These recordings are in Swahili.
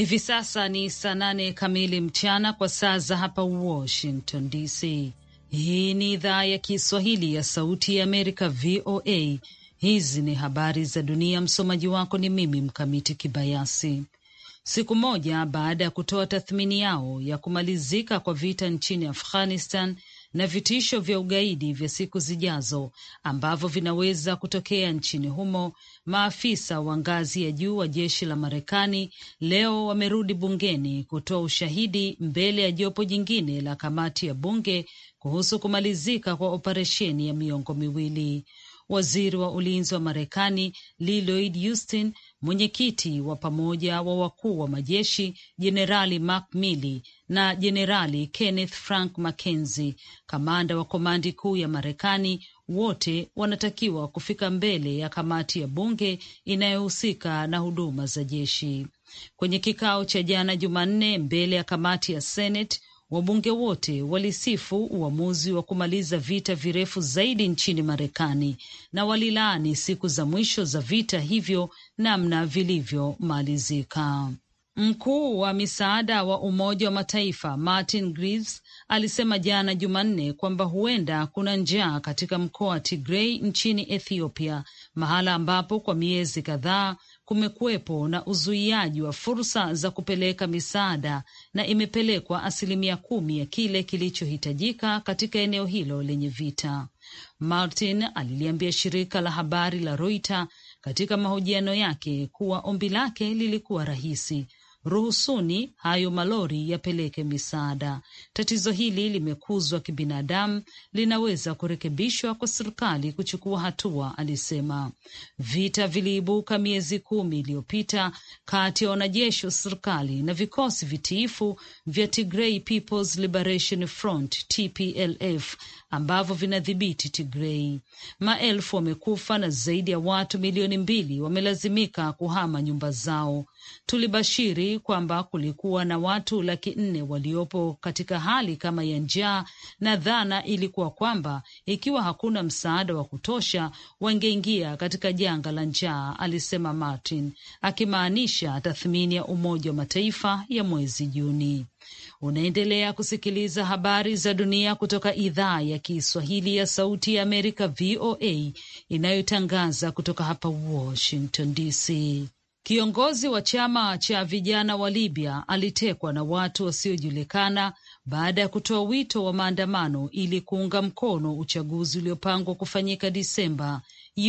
Hivi sasa ni saa nane kamili mchana kwa saa za hapa Washington DC. Hii ni idhaa ya Kiswahili ya Sauti ya Amerika, VOA. Hizi ni habari za dunia. Msomaji wako ni mimi Mkamiti Kibayasi. Siku moja baada ya kutoa tathmini yao ya kumalizika kwa vita nchini Afghanistan, na vitisho vya ugaidi vya siku zijazo ambavyo vinaweza kutokea nchini humo, maafisa wa ngazi ya juu wa jeshi la Marekani leo wamerudi bungeni kutoa ushahidi mbele ya jopo jingine la kamati ya bunge kuhusu kumalizika kwa operesheni ya miongo miwili. Waziri wa ulinzi wa Marekani Lloyd Austin mwenyekiti wa pamoja wa wakuu wa majeshi Jenerali Mark Milley na Jenerali Kenneth Frank McKenzie, kamanda wa komandi kuu ya Marekani, wote wanatakiwa kufika mbele ya kamati ya bunge inayohusika na huduma za jeshi. Kwenye kikao cha jana Jumanne mbele ya kamati ya Senate, Wabunge wote walisifu uamuzi wa kumaliza vita virefu zaidi nchini Marekani na walilaani siku za mwisho za vita hivyo namna vilivyomalizika. Mkuu wa misaada wa Umoja wa Mataifa Martin Griffiths alisema jana Jumanne kwamba huenda kuna njaa katika mkoa wa Tigrei nchini Ethiopia, mahala ambapo kwa miezi kadhaa kumekuwepo na uzuiaji wa fursa za kupeleka misaada na imepelekwa asilimia kumi ya kile kilichohitajika katika eneo hilo lenye vita. Martin aliliambia shirika la habari la Reuters katika mahojiano yake kuwa ombi lake lilikuwa rahisi ruhusuni hayo malori yapeleke misaada. Tatizo hili limekuzwa kibinadamu, linaweza kurekebishwa kwa serikali kuchukua hatua, alisema. Vita viliibuka miezi kumi iliyopita kati ya wanajeshi wa serikali na vikosi vitiifu vya Tigray People's Liberation Front TPLF ambavyo vinadhibiti Tigrei. Maelfu wamekufa na zaidi ya watu milioni mbili wamelazimika kuhama nyumba zao. Tulibashiri kwamba kulikuwa na watu laki nne waliopo katika hali kama ya njaa, na dhana ilikuwa kwamba ikiwa hakuna msaada wa kutosha wangeingia katika janga la njaa, alisema Martin, akimaanisha tathmini ya Umoja wa Mataifa ya mwezi Juni. Unaendelea kusikiliza habari za dunia kutoka idhaa ya Kiswahili ya Sauti ya Amerika, VOA, inayotangaza kutoka hapa Washington DC. Kiongozi wa chama cha vijana wa Libya alitekwa na watu wasiojulikana baada ya kutoa wito wa maandamano ili kuunga mkono uchaguzi uliopangwa kufanyika Disemba,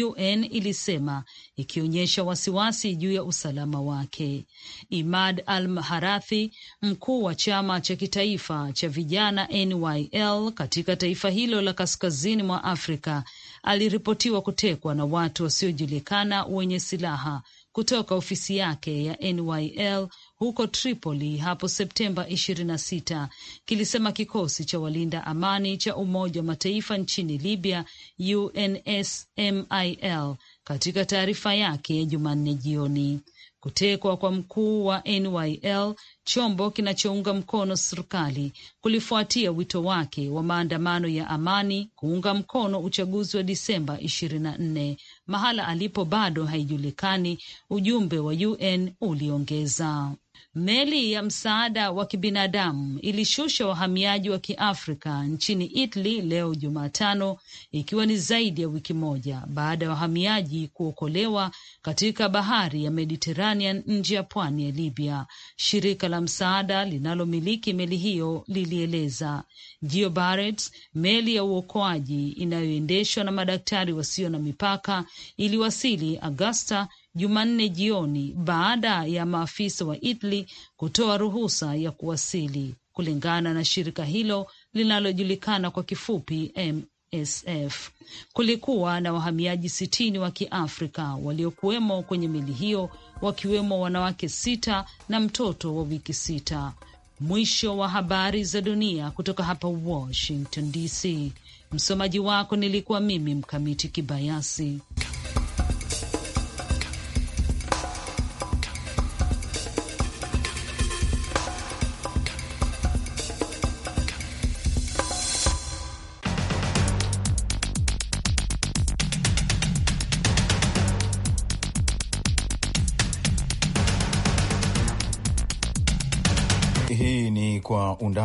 UN ilisema ikionyesha wasiwasi juu ya usalama wake. Imad Al-Harathi, mkuu wa chama cha kitaifa cha vijana NYL katika taifa hilo la kaskazini mwa Afrika, aliripotiwa kutekwa na watu wasiojulikana wenye silaha kutoka ofisi yake ya NYL huko Tripoli hapo Septemba 26, kilisema kikosi cha walinda amani cha Umoja wa Mataifa nchini Libya UNSMIL katika taarifa yake ya Jumanne jioni Kutekwa kwa mkuu wa NYL, chombo kinachounga mkono serikali, kulifuatia wito wake wa maandamano ya amani kuunga mkono uchaguzi wa Disemba 24. Mahala alipo bado haijulikani, ujumbe wa UN uliongeza. Meli ya msaada wa kibinadamu ilishusha wahamiaji wa kiafrika nchini Italy leo Jumatano, ikiwa ni zaidi ya wiki moja baada ya wahamiaji kuokolewa katika bahari ya Mediterranean nje ya pwani ya Libya, shirika la msaada linalomiliki meli hiyo lilieleza. Geo meli ya uokoaji inayoendeshwa na madaktari wasio na mipaka, iliwasili Agasta Jumanne jioni baada ya maafisa wa Italy kutoa ruhusa ya kuwasili, kulingana na shirika hilo linalojulikana kwa kifupi MSF. Kulikuwa na wahamiaji sitini wa Kiafrika waliokuwemo kwenye meli hiyo, wakiwemo wanawake sita na mtoto wa wiki sita. Mwisho wa habari za dunia kutoka hapa Washington DC. Msomaji wako nilikuwa mimi Mkamiti Kibayasi.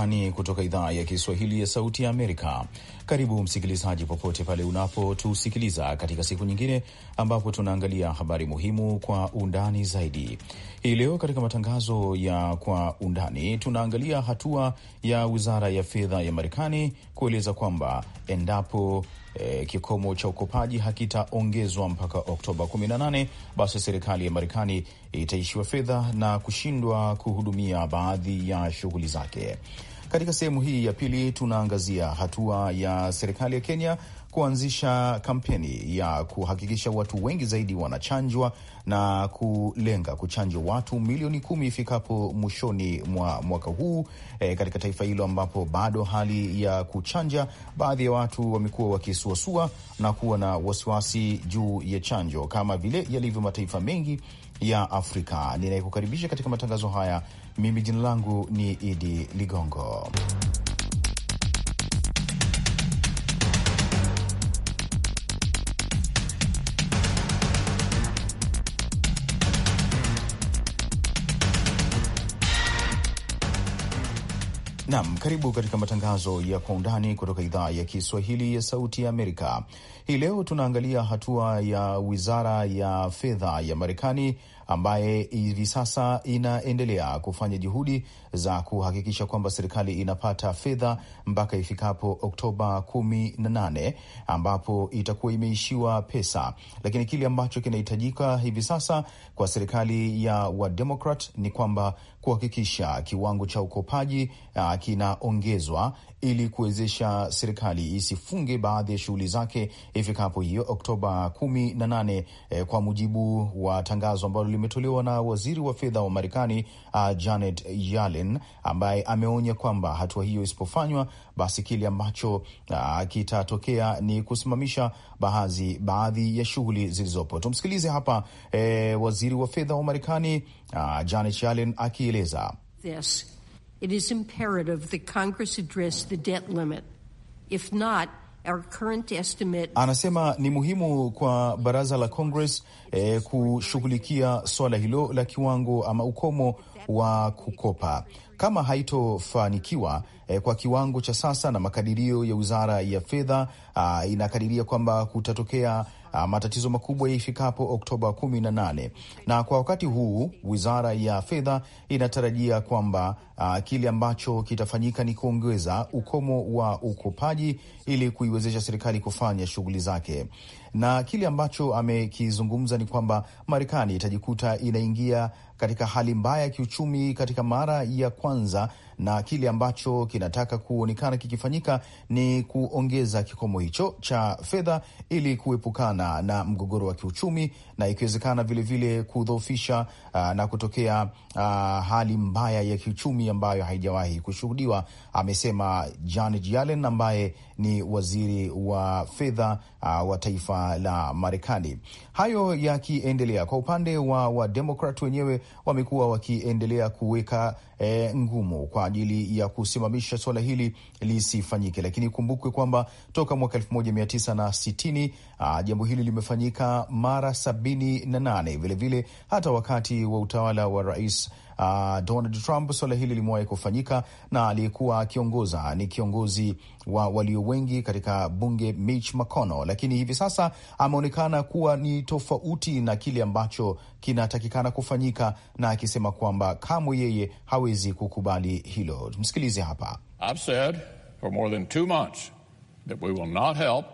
Undani kutoka idhaa ya Kiswahili ya Sauti ya Amerika. Karibu msikilizaji, popote pale unapotusikiliza katika siku nyingine ambapo tunaangalia habari muhimu kwa undani zaidi. Hii leo katika matangazo ya Kwa Undani tunaangalia hatua ya wizara ya fedha ya Marekani kueleza kwamba endapo E, kikomo cha ukopaji hakitaongezwa mpaka Oktoba 18 basi serikali ya Marekani itaishiwa fedha na kushindwa kuhudumia baadhi ya shughuli zake. Katika sehemu hii ya pili, tunaangazia hatua ya serikali ya Kenya kuanzisha kampeni ya kuhakikisha watu wengi zaidi wanachanjwa na kulenga kuchanjwa watu milioni kumi ifikapo mwishoni mwa mwaka huu e, katika taifa hilo ambapo bado hali ya kuchanja, baadhi ya watu wamekuwa wakisuasua na kuwa na wasiwasi juu ya chanjo kama vile yalivyo mataifa mengi ya Afrika. Ninayekukaribisha katika matangazo haya mimi jina langu ni Idi Ligongo. Nam, karibu katika matangazo ya kwa undani kutoka idhaa ya Kiswahili ya Sauti ya Amerika. Hii leo tunaangalia hatua ya wizara ya fedha ya Marekani ambaye hivi sasa inaendelea kufanya juhudi za kuhakikisha kwamba serikali inapata fedha mpaka ifikapo Oktoba kumi na nane ambapo itakuwa imeishiwa pesa, lakini kile ambacho kinahitajika hivi sasa kwa serikali ya Wademokrat ni kwamba kuhakikisha kiwango cha ukopaji uh, kinaongezwa ili kuwezesha serikali isifunge baadhi ya shughuli zake ifikapo hiyo Oktoba kumi na nane eh, kwa mujibu wa tangazo ambalo limetolewa na waziri wa fedha wa Marekani uh, Janet Yellen ambaye ameonya kwamba hatua hiyo isipofanywa basi kile ambacho uh, kitatokea ni kusimamisha baadhi baadhi ya shughuli zilizopo. Tumsikilize hapa eh, waziri wa fedha wa Marekani uh, Janet Yellen akieleza Yes. It is imperative that Congress address the debt limit. If not, our current estimate... Anasema ni muhimu kwa baraza la Congress eh, kushughulikia swala hilo la kiwango ama ukomo wa kukopa kama haitofanikiwa eh, kwa kiwango cha sasa, na makadirio ya wizara ya fedha ah, inakadiria kwamba kutatokea ah, matatizo makubwa ifikapo Oktoba 18, na kwa wakati huu wizara ya fedha inatarajia kwamba Uh, kile ambacho kitafanyika ni kuongeza ukomo wa ukopaji ili kuiwezesha serikali kufanya shughuli zake, na kile ambacho amekizungumza ni kwamba Marekani itajikuta inaingia katika hali mbaya ya kiuchumi katika mara ya kwanza, na kile ambacho kinataka kuonekana kikifanyika ni kuongeza kikomo hicho cha fedha ili kuepukana na mgogoro wa kiuchumi na ikiwezekana vilevile kudhoofisha ah, na kutokea a, ah, hali mbaya ya kiuchumi tamaduni ambayo haijawahi kushuhudiwa, amesema Janet Yellen ambaye ni waziri wa fedha uh, wa taifa la Marekani. Hayo yakiendelea, kwa upande wa Wademokrat wenyewe wamekuwa wakiendelea kuweka e, ngumu kwa ajili ya kusimamisha suala hili lisifanyike, lakini kumbukwe kwamba toka mwaka elfu moja mia tisa na sitini uh, jambo hili limefanyika mara sabini na nane vilevile, hata wakati wa utawala wa rais uh, Donald Trump, suala hili limewahi kufanyika, na aliyekuwa akiongoza ni kiongozi wa walio wengi katika bunge Mitch McConnell, lakini hivi sasa ameonekana kuwa ni tofauti na kile ambacho kinatakikana kufanyika, na akisema kwamba kamwe yeye hawezi kukubali hilo. Msikilize hapa. I've said for more than two months that we will not help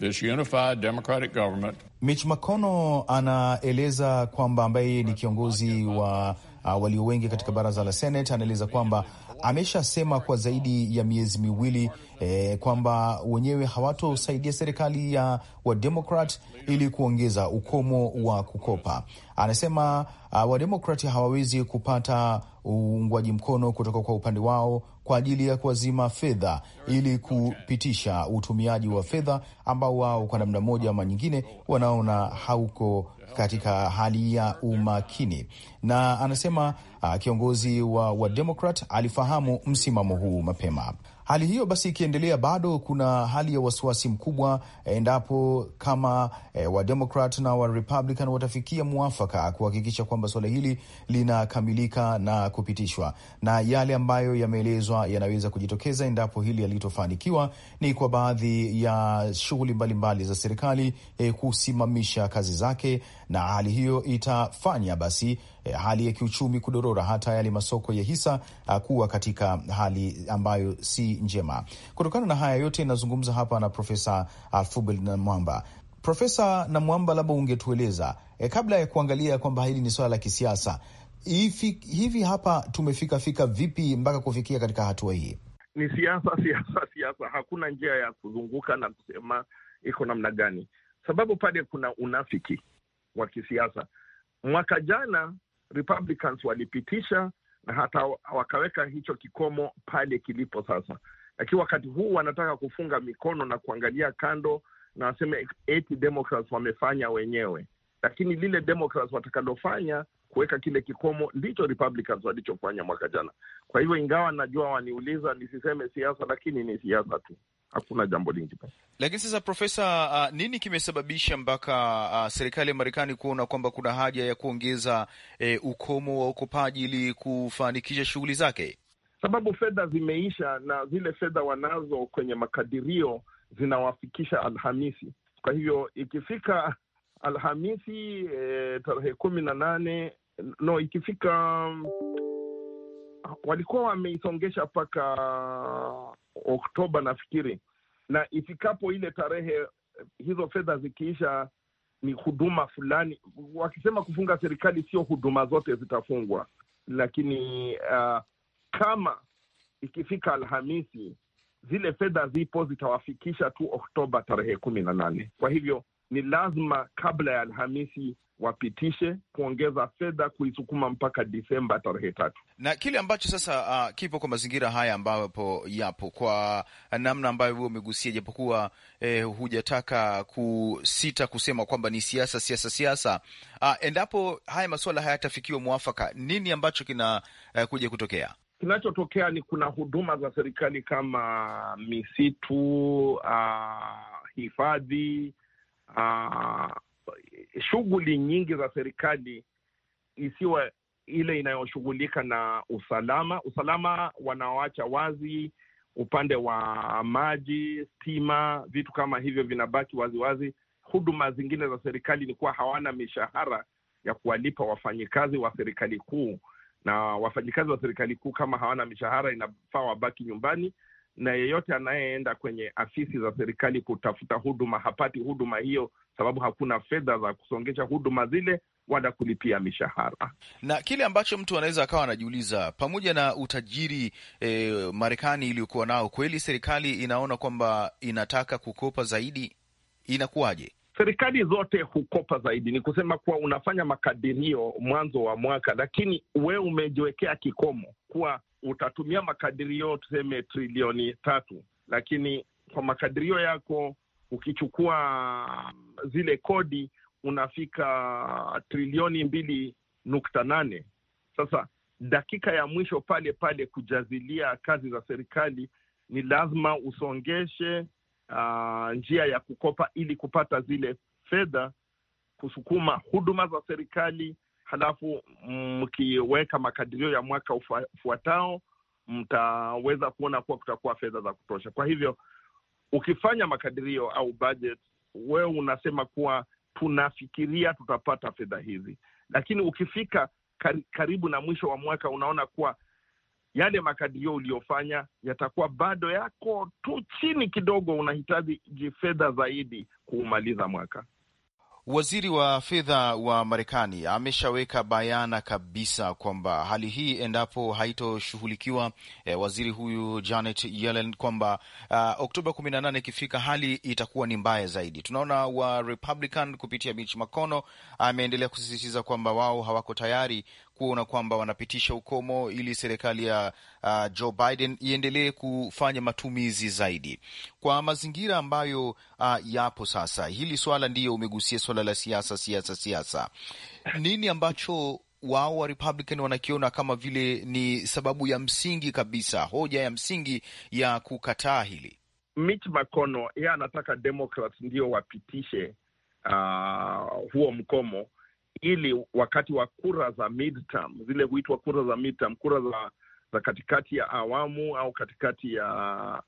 this unified democratic government. Mitch McConnell anaeleza kwamba ambaye ni kiongozi wa uh, walio wengi katika baraza la Senate, anaeleza kwamba ameshasema kwa zaidi ya miezi miwili eh, kwamba wenyewe hawatosaidia serikali ya Wademokrat ili kuongeza ukomo wa kukopa. Anasema uh, ah, Wademokrati hawawezi kupata uungwaji mkono kutoka kwa upande wao kwa ajili ya kuwazima fedha ili kupitisha utumiaji wa fedha ambao wao kwa namna moja ama nyingine wanaona hauko katika hali ya umakini, na anasema uh, kiongozi wa, wa Demokrat alifahamu msimamo huu mapema. Hali hiyo basi ikiendelea, bado kuna hali ya wasiwasi mkubwa eh, endapo kama e, eh, Wademokrat na Warepublican watafikia mwafaka kuhakikisha kwamba suala hili linakamilika na kupitishwa, na yale ambayo yameelezwa yanaweza kujitokeza endapo hili halitofanikiwa ni kwa baadhi ya shughuli mbalimbali za serikali e, kusimamisha kazi zake, na hali hiyo itafanya basi e, hali ya kiuchumi kudorora, hata yale masoko ya hisa a, ah, kuwa katika hali ambayo si njema. Kutokana na haya yote, nazungumza hapa na Profesa Alfubel ah, Namwamba. Profesa Mwamba, labda ungetueleza e, kabla ya kuangalia kwamba hili ni swala la kisiasa hivi, hivi hapa tumefikafika vipi mpaka kufikia katika hatua hii? Ni siasa, siasa, siasa. Hakuna njia ya kuzunguka na kusema iko namna gani, sababu pale kuna unafiki wa kisiasa. Mwaka jana Republicans walipitisha na hata wakaweka hicho kikomo pale kilipo sasa, lakini wakati huu wanataka kufunga mikono na kuangalia kando na waseme eti Democrats wamefanya wenyewe, lakini lile Democrats watakalofanya kuweka kile kikomo ndicho Republicans walichofanya mwaka jana. Kwa hivyo, ingawa najua waniuliza nisiseme siasa, lakini ni siasa tu hakuna jambo lingi Lakini sasa Profesa, uh, nini kimesababisha mpaka uh, serikali ya Marekani kuona kwamba kuna haja ya kuongeza eh, ukomo wa ukopaji ili kufanikisha shughuli zake? Sababu fedha zimeisha na zile fedha wanazo kwenye makadirio zinawafikisha Alhamisi. Kwa hivyo ikifika Alhamisi eh, tarehe kumi na nane no ikifika walikuwa wameisongesha mpaka Oktoba nafikiri, na ifikapo ile tarehe, hizo fedha zikiisha, ni huduma fulani. Wakisema kufunga serikali, sio huduma zote zitafungwa, lakini uh, kama ikifika Alhamisi zile fedha zipo, zitawafikisha tu Oktoba tarehe kumi na nane. Kwa hivyo ni lazima kabla ya Alhamisi wapitishe kuongeza fedha kuisukuma mpaka Disemba tarehe tatu, na kile ambacho sasa uh, kipo kwa mazingira haya ambapo yapo kwa namna ambayo huo umegusia, japokuwa eh, hujataka kusita kusema kwamba ni siasa siasa siasa. Uh, endapo haya masuala hayatafikiwa mwafaka, nini ambacho kina uh, kuja kutokea? Kinachotokea ni kuna huduma za serikali kama misitu, uh, hifadhi uh, shughuli nyingi za serikali isiwa ile inayoshughulika na usalama. Usalama wanaoacha wazi upande wa maji, stima, vitu kama hivyo vinabaki waziwazi wazi. Huduma zingine za serikali ni kuwa hawana mishahara ya kuwalipa wafanyikazi wa serikali kuu, na wafanyikazi wa serikali kuu kama hawana mishahara, inafaa wabaki nyumbani, na yeyote anayeenda kwenye afisi za serikali kutafuta huduma hapati huduma hiyo sababu hakuna fedha za kusongesha huduma zile wala kulipia mishahara. Na kile ambacho mtu anaweza akawa anajiuliza, pamoja na utajiri e, Marekani iliyokuwa nao, kweli serikali inaona kwamba inataka kukopa zaidi? Inakuwaje? Serikali zote hukopa zaidi. Ni kusema kuwa unafanya makadirio mwanzo wa mwaka, lakini wewe umejiwekea kikomo kuwa utatumia makadirio tuseme trilioni tatu, lakini kwa makadirio yako ukichukua zile kodi unafika trilioni mbili nukta nane. Sasa dakika ya mwisho pale pale kujazilia kazi za serikali ni lazima usongeshe uh, njia ya kukopa ili kupata zile fedha kusukuma huduma za serikali. Halafu mkiweka makadirio ya mwaka ufuatao, mtaweza kuona kuwa kutakuwa fedha za kutosha. Kwa hivyo ukifanya makadirio au budget, wewe unasema kuwa tunafikiria tutapata fedha hizi, lakini ukifika karibu na mwisho wa mwaka unaona kuwa yale makadirio uliyofanya yatakuwa bado yako tu chini kidogo, unahitaji fedha zaidi kuumaliza mwaka. Waziri wa fedha wa Marekani ameshaweka bayana kabisa kwamba hali hii endapo haitoshughulikiwa, eh, waziri huyu Janet Yellen kwamba uh, Oktoba 18 ikifika hali itakuwa ni mbaya zaidi. Tunaona wa Republican kupitia Mitch McConnell ameendelea kusisitiza kwamba wao hawako tayari kuona kwamba wanapitisha ukomo ili serikali ya uh, Joe Biden iendelee kufanya matumizi zaidi kwa mazingira ambayo uh, yapo sasa. Hili swala ndiyo umegusia swala la siasa, siasa, siasa. Nini ambacho wao wa Republican wanakiona kama vile ni sababu ya msingi kabisa, hoja ya msingi ya kukataa hili? Mitch McConnell yeye anataka Democrats ndio wapitishe uh, huo mkomo ili wakati wa kura za midterm, zile huitwa kura za midterm, kura za, za katikati ya awamu au katikati ya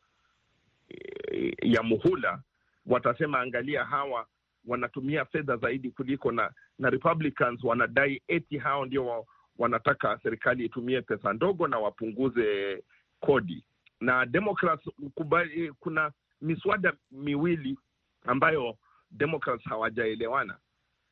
ya muhula, watasema angalia, hawa wanatumia fedha zaidi kuliko na na Republicans wanadai eti hao ndio wa, wanataka serikali itumie pesa ndogo na wapunguze kodi na Democrats kubali. Kuna miswada miwili ambayo Democrats hawajaelewana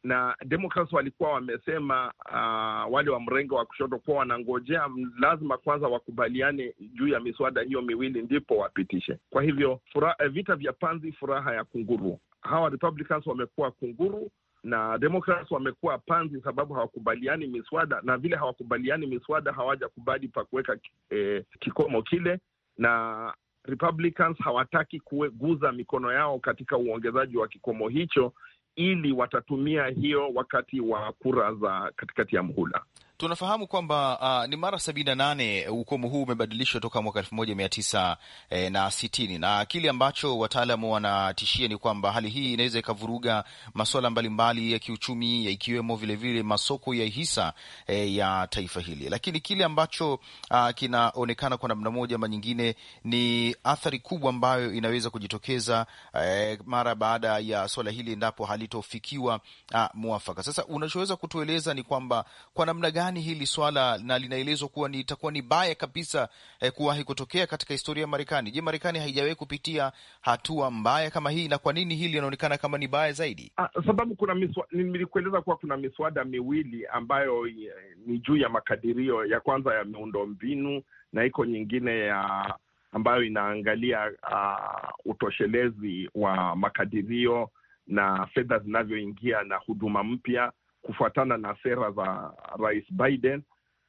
na Democrats walikuwa wamesema uh, wale wa mrengo wa kushoto kuwa wanangojea lazima kwanza wakubaliane juu ya miswada hiyo miwili ndipo wapitishe. Kwa hivyo fura, eh, vita vya panzi, furaha ya kunguru. Hawa Republicans wamekuwa kunguru na Democrats wamekuwa panzi, sababu hawakubaliani miswada, na vile hawakubaliani miswada hawajakubali pa kuweka eh, kikomo kile, na Republicans hawataki kuguza mikono yao katika uongezaji wa kikomo hicho ili watatumia hiyo wakati wa kura za katikati ya mhula tunafahamu kwamba uh, ni mara sabini na nane ukomo huu umebadilishwa toka mwaka elfu moja mia tisa eh, na sitini na kile ambacho wataalamu wanatishia ni kwamba hali hii inaweza ikavuruga masuala mbalimbali ya kiuchumi ikiwemo vilevile masoko ya hisa eh, ya taifa hili, lakini kile ambacho uh, kinaonekana kwa namna moja ama nyingine ni athari kubwa ambayo inaweza kujitokeza eh, mara baada ya swala hili endapo halitofikiwa uh, mwafaka. Sasa unachoweza kutueleza ni kwamba kwa namna gani gani hili swala na linaelezwa kuwa ni itakuwa ni baya kabisa eh, kuwahi kutokea katika historia ya Marekani. Je, Marekani haijawahi kupitia hatua mbaya kama hii, na kwa nini hili linaonekana kama ni baya zaidi? Ah, sababu kuna nilikueleza kuwa kuna miswada miwili ambayo eh, ni juu ya makadirio ya kwanza ya miundo mbinu na iko nyingine ya ambayo inaangalia uh, utoshelezi wa makadirio na fedha zinavyoingia na huduma mpya kufuatana na sera za Rais Biden.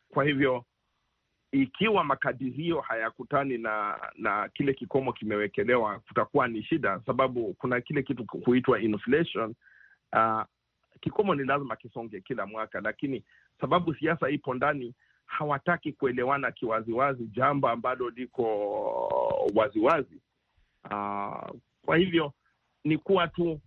Kwa hivyo ikiwa makadirio hayakutani na na kile kikomo kimewekelewa, kutakuwa ni shida, sababu kuna kile kitu kuitwa inflation. Uh, kikomo ni lazima kisonge kila mwaka, lakini sababu siasa ipo ndani, hawataki kuelewana kiwaziwazi, jambo ambalo liko waziwazi. Uh, kwa hivyo ni kuwa tu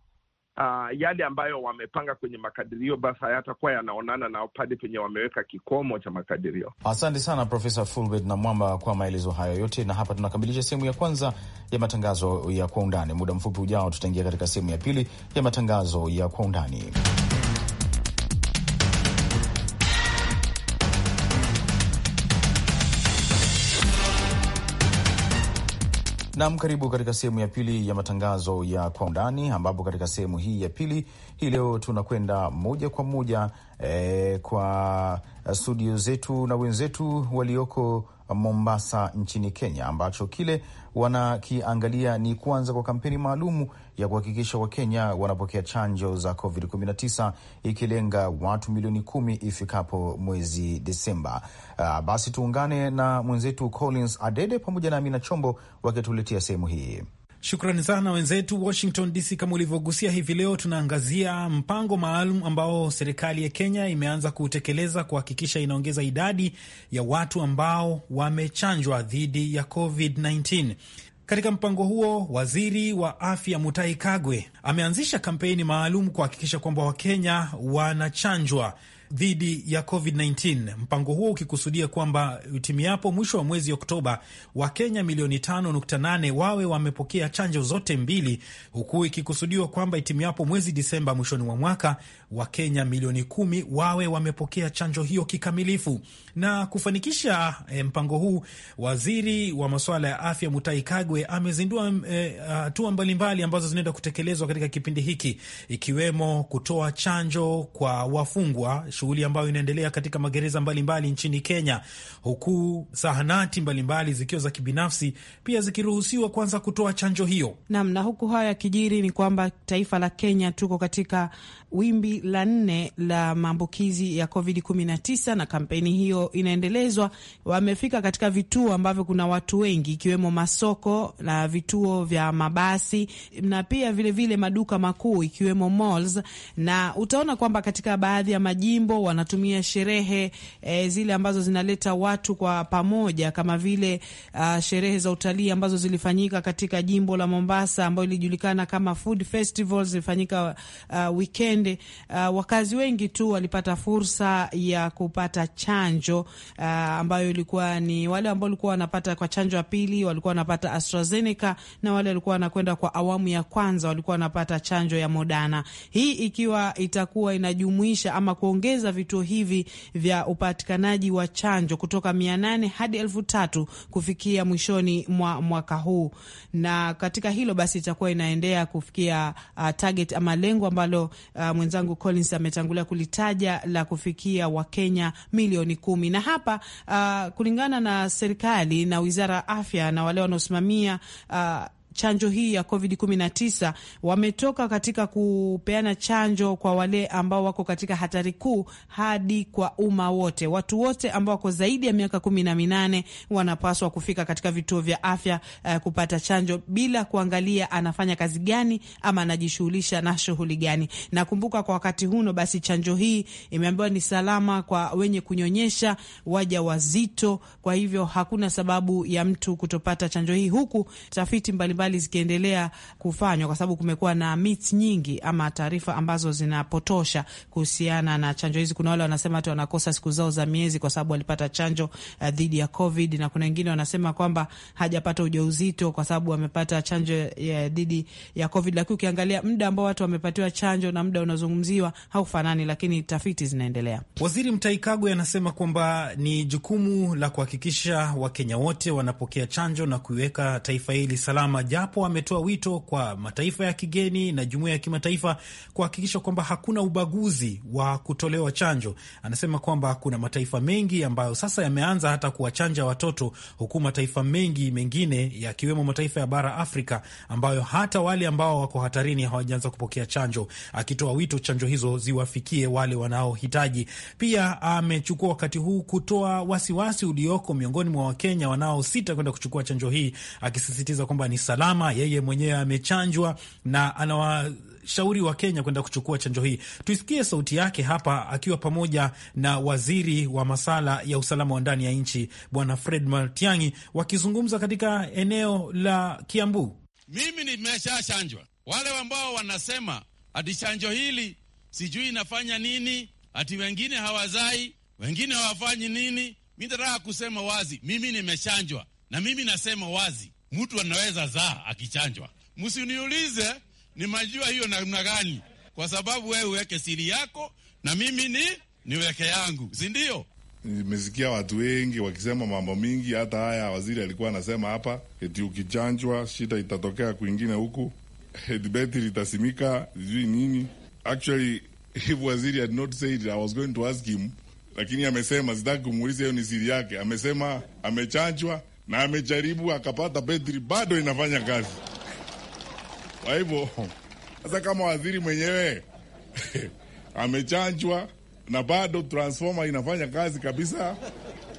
uh, yale ambayo wamepanga kwenye makadirio basi hayatakuwa yanaonana na pale penye wameweka kikomo cha makadirio. Asante sana Profesa Fulbert na Mwamba kwa maelezo hayo yote, na hapa tunakamilisha sehemu ya kwanza ya matangazo ya kwa undani. Muda mfupi ujao, tutaingia katika sehemu ya pili ya matangazo ya kwa undani. Nam, karibu katika sehemu ya pili ya matangazo ya kwa undani, ambapo katika sehemu hii ya pili hii leo tunakwenda moja kwa moja e, kwa studio zetu na wenzetu walioko Mombasa nchini Kenya, ambacho kile wanakiangalia ni kuanza kwa kampeni maalum ya kuhakikisha Wakenya wanapokea chanjo za COVID-19 ikilenga watu milioni kumi ifikapo mwezi Desemba. Uh, basi tuungane na mwenzetu Collins Adede pamoja na Amina Chombo wakituletea sehemu hii. Shukrani sana wenzetu Washington DC. Kama ulivyogusia hivi leo, tunaangazia mpango maalum ambao serikali ya Kenya imeanza kuutekeleza kuhakikisha inaongeza idadi ya watu ambao wamechanjwa dhidi ya COVID-19. Katika mpango huo, waziri wa afya Mutahi Kagwe ameanzisha kampeni maalum kuhakikisha kwamba Wakenya wanachanjwa dhidi ya COVID-19, mpango huo ukikusudia kwamba utimiapo mwisho wa mwezi Oktoba, Wakenya milioni 5.8 wawe wamepokea chanjo zote mbili, huku ikikusudiwa kwamba itimiapo mwezi Disemba mwishoni mwa mwaka, Wakenya milioni kumi wawe wamepokea chanjo hiyo kikamilifu. Na kufanikisha eh, mpango huu, waziri wa masuala ya afya Mutai Kagwe amezindua eh, hatua eh, mbalimbali ambazo zinaenda kutekelezwa katika kipindi hiki, ikiwemo kutoa chanjo kwa wafungwa shughuli ambayo inaendelea katika magereza mbalimbali mbali nchini Kenya, huku zahanati mbalimbali zikiwa za kibinafsi pia zikiruhusiwa kwanza kutoa chanjo hiyo. Naam, na huku haya yakijiri ni kwamba taifa la Kenya tuko katika wimbi la nne la maambukizi ya Covid 19 na kampeni hiyo inaendelezwa. Wamefika katika vituo ambavyo kuna watu wengi ikiwemo masoko na vituo vya mabasi na pia vilevile vile maduka makuu ikiwemo malls, na utaona kwamba katika baadhi ya majimbo nyimbo, wanatumia sherehe e, zile ambazo zinaleta watu kwa pamoja kama vile uh, sherehe za utalii ambazo zilifanyika katika jimbo la Mombasa ambayo ilijulikana kama food festivals zilifanyika uh, weekend. Uh, wakazi wengi tu walipata fursa ya kupata chanjo uh, ambayo ilikuwa ni wale ambao walikuwa wanapata kwa chanjo ya pili walikuwa wanapata AstraZeneca na wale walikuwa wanakwenda kwa awamu ya kwanza walikuwa wanapata chanjo ya Moderna. Hii ikiwa itakuwa inajumuisha ama kuongeza kuongeza vituo hivi vya upatikanaji wa chanjo kutoka mia nane hadi elfu tatu kufikia mwishoni mwa mwaka huu. Na katika hilo basi itakuwa inaendea kufikia uh, target ama lengo ambalo uh, mwenzangu Collins ametangulia kulitaja la kufikia Wakenya milioni kumi. Na hapa uh, kulingana na serikali na wizara ya afya na wale wanaosimamia uh, chanjo hii ya COVID-19 wametoka katika kupeana chanjo kwa wale ambao wako katika hatari kuu hadi kwa umma wote. Watu wote ambao wako zaidi ya miaka kumi na minane wanapaswa kufika katika vituo vya afya uh, kupata chanjo bila kuangalia anafanya kazi gani ama anajishughulisha na shughuli gani. Nakumbuka kwa wakati huno, basi chanjo hii imeambiwa ni salama kwa wenye kunyonyesha, waja wazito. Kwa hivyo hakuna sababu ya mtu kutopata chanjo hii, huku tafiti mbalimbali mbalimbali zikiendelea kufanywa, kwa sababu kumekuwa na myths nyingi ama taarifa ambazo zinapotosha kuhusiana na chanjo hizi. Kuna wale wanasema tu wanakosa siku zao za miezi kwa sababu walipata chanjo uh, dhidi ya COVID, na kuna wengine wanasema kwamba hajapata ujauzito kwa sababu wamepata chanjo ya dhidi ya COVID. Lakini ukiangalia muda ambao watu wamepatiwa chanjo na muda unazungumziwa haufanani, lakini tafiti zinaendelea. Waziri Mtaikagwe anasema kwamba ni jukumu la kuhakikisha Wakenya wote wanapokea chanjo na kuiweka taifa hili salama japo ametoa wito kwa mataifa ya kigeni na jumuia ya kimataifa kuhakikisha kwamba hakuna ubaguzi wa kutolewa chanjo. Anasema kwamba kuna mataifa mengi ambayo sasa yameanza hata kuwachanja watoto, huku mataifa mengi mengine yakiwemo mataifa ya bara Afrika ambayo hata wale ambao wako hatarini hawajaanza kupokea chanjo, akitoa wito chanjo hizo ziwafikie wale wanaohitaji. Pia amechukua wakati huu kutoa wasiwasi ulioko miongoni mwa Wakenya wanaosita kwenda kuchukua chanjo hii, akisisitiza kwamba ni salama Obama yeye mwenyewe amechanjwa na anawa shauri wa Kenya kwenda kuchukua chanjo hii. Tusikie sauti yake hapa akiwa pamoja na waziri wa masala ya usalama wa ndani ya nchi Bwana Fred Matiang'i wakizungumza katika eneo la Kiambu. Mimi nimeshachanjwa. Wale ambao wanasema ati chanjo hili sijui inafanya nini, ati wengine hawazai, wengine hawafanyi nini, mi nataka kusema wazi, mimi nimechanjwa na mimi nasema wazi mtu anaweza zaa akichanjwa. Msiniulize nimajua hiyo namna gani, kwa sababu wewe uweke siri yako na mimi ni niweke yangu, si ndio? Nimesikia watu wengi wakisema mambo mingi, hata haya waziri alikuwa anasema hapa eti ukichanjwa shida itatokea kwingine huku, eti beti litasimika sijui nini. Actually if waziri had not said it, I was going to ask him, lakini amesema, sitaki kumuuliza, hiyo ni siri yake. Amesema amechanjwa na amejaribu akapata betri, bado inafanya kazi. Kwa hivyo sasa, kama waziri mwenyewe amechanjwa na bado transforma inafanya kazi kabisa,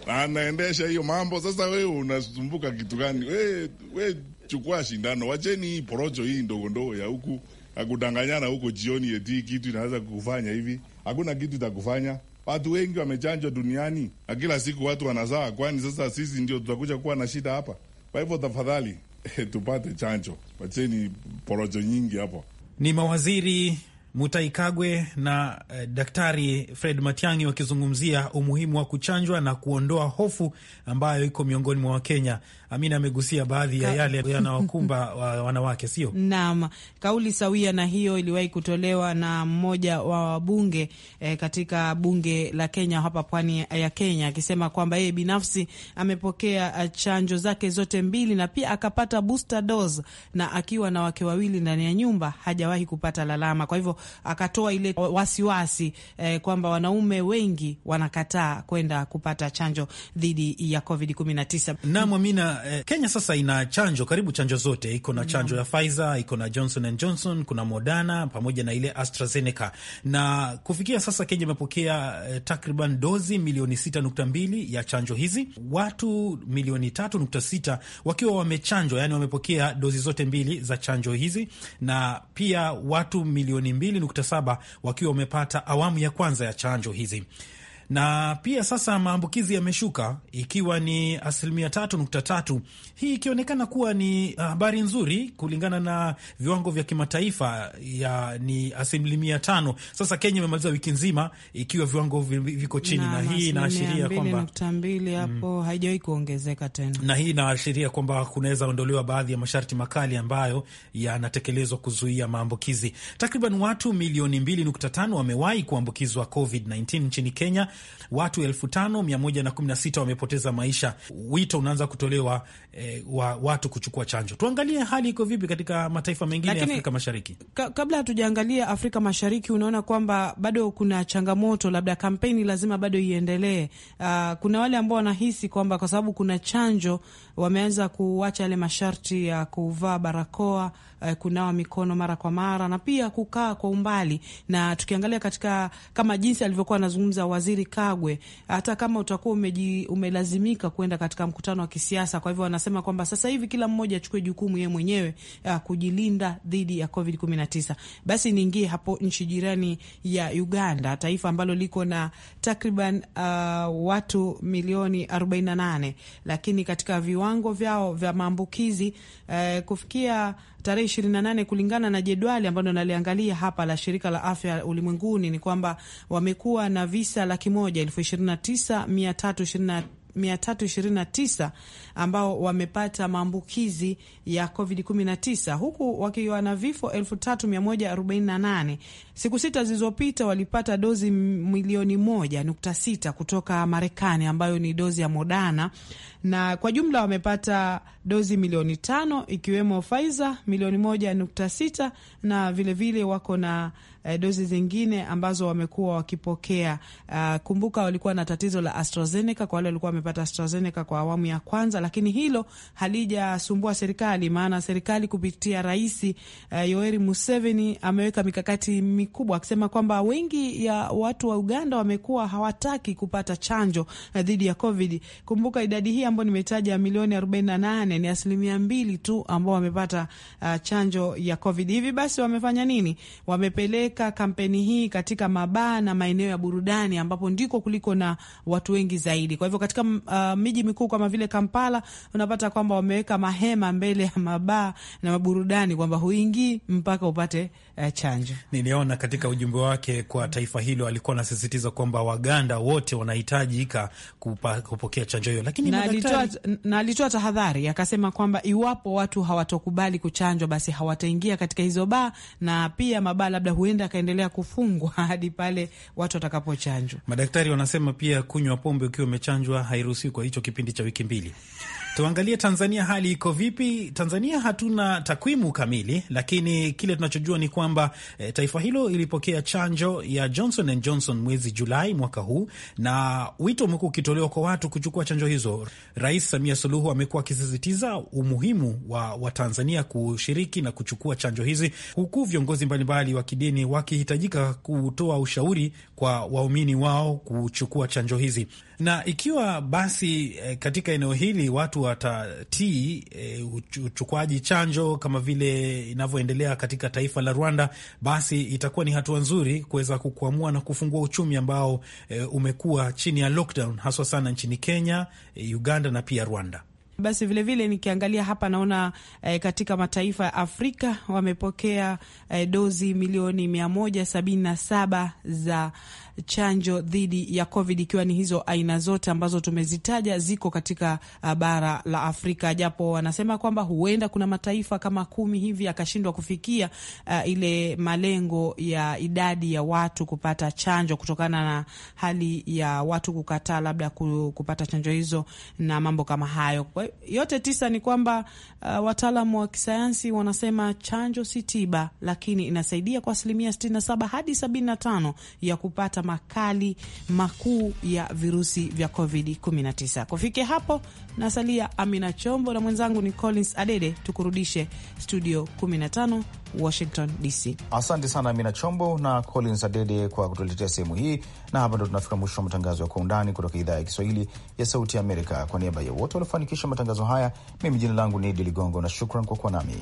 na anaendesha hiyo mambo. Sasa wewe unasumbuka kitu gani? We, we chukua shindano, wacheni hii porocho hii ndogo ndogo ya huku akudanganyana huko jioni, eti kitu inaweza kukufanya hivi. Hakuna kitu itakufanya Watu wengi wamechanjwa duniani na kila siku watu wanazaa, kwani sasa sisi ndio tutakuja kuwa na shida hapa? Kwa hivyo tafadhali tupate chanjo, wacheni porojo nyingi hapo. Ni mawaziri Mutai Kagwe na eh, Daktari Fred Matiang'i wakizungumzia umuhimu wa kuchanjwa na kuondoa hofu ambayo iko miongoni mwa Wakenya. Amina amegusia baadhi ya yale yanawakumba wanawake, sio naam. Kauli sawia na hiyo iliwahi kutolewa na mmoja wa wabunge eh, katika bunge la Kenya hapa pwani ya Kenya, akisema kwamba yeye binafsi amepokea eh, chanjo zake zote mbili na pia akapata booster dose, na akiwa na wake wawili ndani ya nyumba hajawahi kupata lalama. Kwa hivyo akatoa ile wasiwasi eh, kwamba wanaume wengi wanakataa kwenda kupata chanjo dhidi ya Covid 19. Naam, Amina, eh, Kenya sasa ina chanjo karibu chanjo zote, iko na chanjo ya Pfizer, iko na Johnson and Johnson, kuna Moderna pamoja na ile AstraZeneca, na kufikia sasa Kenya imepokea eh, takriban dozi milioni 6.2 ya chanjo hizi, watu milioni 3.6 wakiwa wamechanjwa, yani wamepokea dozi zote mbili za chanjo hizi, na pia watu milioni mbili 2.7 wakiwa wamepata awamu ya kwanza ya chanjo hizi na pia sasa maambukizi yameshuka ikiwa ni asilimia tatu nukta tatu, hii ikionekana kuwa ni ah, habari nzuri kulingana na viwango vya kimataifa ya ni asilimia tano. Sasa Kenya imemaliza wiki nzima ikiwa viwango viko chini na, na hii inaashiria kwamba nukta mbili hapo mm. haijawahi kuongezeka tena, na hii inaashiria kwamba kunaweza ondolewa baadhi ya masharti makali ambayo yanatekelezwa kuzuia maambukizi. Takriban watu milioni mbili nukta tano wamewahi kuambukizwa COVID-19 nchini Kenya watu 5116 wamepoteza maisha. Wito unaanza kutolewa eh, wa watu kuchukua chanjo. Tuangalie hali iko vipi katika mataifa mengine ya Afrika Mashariki ka, kabla hatujaangalia Afrika Mashariki, unaona kwamba bado kuna changamoto, labda kampeni lazima bado iendelee. Uh, kuna wale ambao wanahisi kwamba kwa sababu kuna chanjo wameanza kuacha yale masharti ya kuvaa barakoa, eh, kunawa mikono mara kwa mara na pia kukaa kwa umbali. Na tukiangalia katika kama jinsi alivyokuwa anazungumza Waziri Kagwe, hata kama utakuwa umeji, umelazimika kwenda katika mkutano wa kisiasa. Kwa hivyo wanasema kwamba sasa hivi kila mmoja achukue jukumu yeye mwenyewe ya eh, kujilinda dhidi ya Covid 19. Basi niingie hapo nchi jirani ya Uganda, taifa ambalo liko na takriban uh, watu milioni 48 lakini katika viwa viwango vyao vya maambukizi eh, kufikia tarehe 28 kulingana na jedwali ambalo naliangalia hapa la shirika la afya ulimwenguni ni kwamba wamekuwa na visa laki moja elfu ishirini na tisa mia tatu ishirini na 329 ambao wamepata maambukizi ya COVID-19 huku wakiwa na vifo 3148. Siku sita zilizopita walipata dozi milioni 1.6 kutoka Marekani ambayo ni dozi ya Moderna, na kwa jumla wamepata dozi milioni tano ikiwemo Pfizer milioni 1.6 na vilevile vile wako na eh, dozi zingine ambazo wamekuwa wakipokea. Uh, kumbuka walikuwa na tatizo la AstraZeneca kwa wale walikuwa wamepata AstraZeneca kwa awamu ya kwanza, lakini hilo halijasumbua serikali, maana serikali kupitia rais uh, Yoweri Museveni ameweka mikakati mikubwa akisema kwamba wengi ya watu wa Uganda wamekuwa hawataki kupata chanjo eh, dhidi ya COVID. Kumbuka idadi hii ambayo nimetaja milioni 48 ni asilimia mbili tu ambao wamepata uh, chanjo ya COVID. Hivi basi wamefanya nini? Wamepeleka wameweka kampeni hii katika mabaa na maeneo ya burudani ambapo ndiko kuliko na watu wengi zaidi. Kwa hivyo katika uh, miji mikuu kama vile Kampala unapata kwamba wameweka mahema mbele ya mabaa na maburudani kwamba huingii mpaka upate uh, chanjo. Niliona katika ujumbe wake kwa taifa hilo alikuwa anasisitiza kwamba Waganda wote wanahitajika kupokea chanjo hiyo, lakini na alitoa tahadhari akasema kwamba iwapo watu hawatokubali kuchanjwa, basi hawataingia katika hizo baa na pia mabaa labda huenda huenda akaendelea kufungwa hadi pale watu watakapochanjwa. Madaktari wanasema pia kunywa pombe ukiwa umechanjwa hairuhusiwi kwa hicho kipindi cha wiki mbili. Tuangalie Tanzania, hali iko vipi? Tanzania hatuna takwimu kamili, lakini kile tunachojua ni kwamba e, taifa hilo ilipokea chanjo ya Johnson and Johnson mwezi Julai mwaka huu, na wito umekuwa ukitolewa kwa watu kuchukua chanjo hizo. Rais Samia Suluhu amekuwa akisisitiza umuhimu wa Watanzania kushiriki na kuchukua chanjo hizi, huku viongozi mbalimbali wa kidini wakihitajika kutoa ushauri kwa waumini wao kuchukua chanjo hizi na ikiwa basi e, katika eneo hili watu watatii e, uchukuaji chanjo kama vile inavyoendelea katika taifa la Rwanda, basi itakuwa ni hatua nzuri kuweza kukwamua na kufungua uchumi ambao e, umekuwa chini ya lockdown haswa sana nchini Kenya, e, Uganda na pia Rwanda. Basi vilevile vile nikiangalia hapa naona eh, katika mataifa ya Afrika wamepokea eh, dozi milioni mia moja sabini na saba za chanjo dhidi ya COVID, ikiwa ni hizo aina zote ambazo tumezitaja ziko katika uh, bara la Afrika, japo wanasema kwamba huenda kuna mataifa kama kumi hivi akashindwa kufikia uh, ile malengo ya idadi ya watu kupata chanjo kutokana na hali ya watu kukataa labda kupata chanjo hizo na mambo kama hayo. Kwa yote tisa ni kwamba uh, wataalamu wa kisayansi wanasema chanjo si tiba, lakini inasaidia kwa asilimia 67 hadi 75 ya kupata makali makuu ya virusi vya COVID-19. Kufikia hapo, nasalia Amina Chombo na mwenzangu ni Collins Adede, tukurudishe studio 15 Washington DC. Asante sana Amina Chombo na Collins Adede kwa kutuletea sehemu hii, na hapa ndo tunafika mwisho wa matangazo ya Kwa Undani kutoka idhaa ya Kiswahili ya Sauti ya Amerika. Kwa niaba ya wote waliofanikisha matangazo haya, mimi jina langu ni Idi Ligongo na shukran kwa kuwa nami.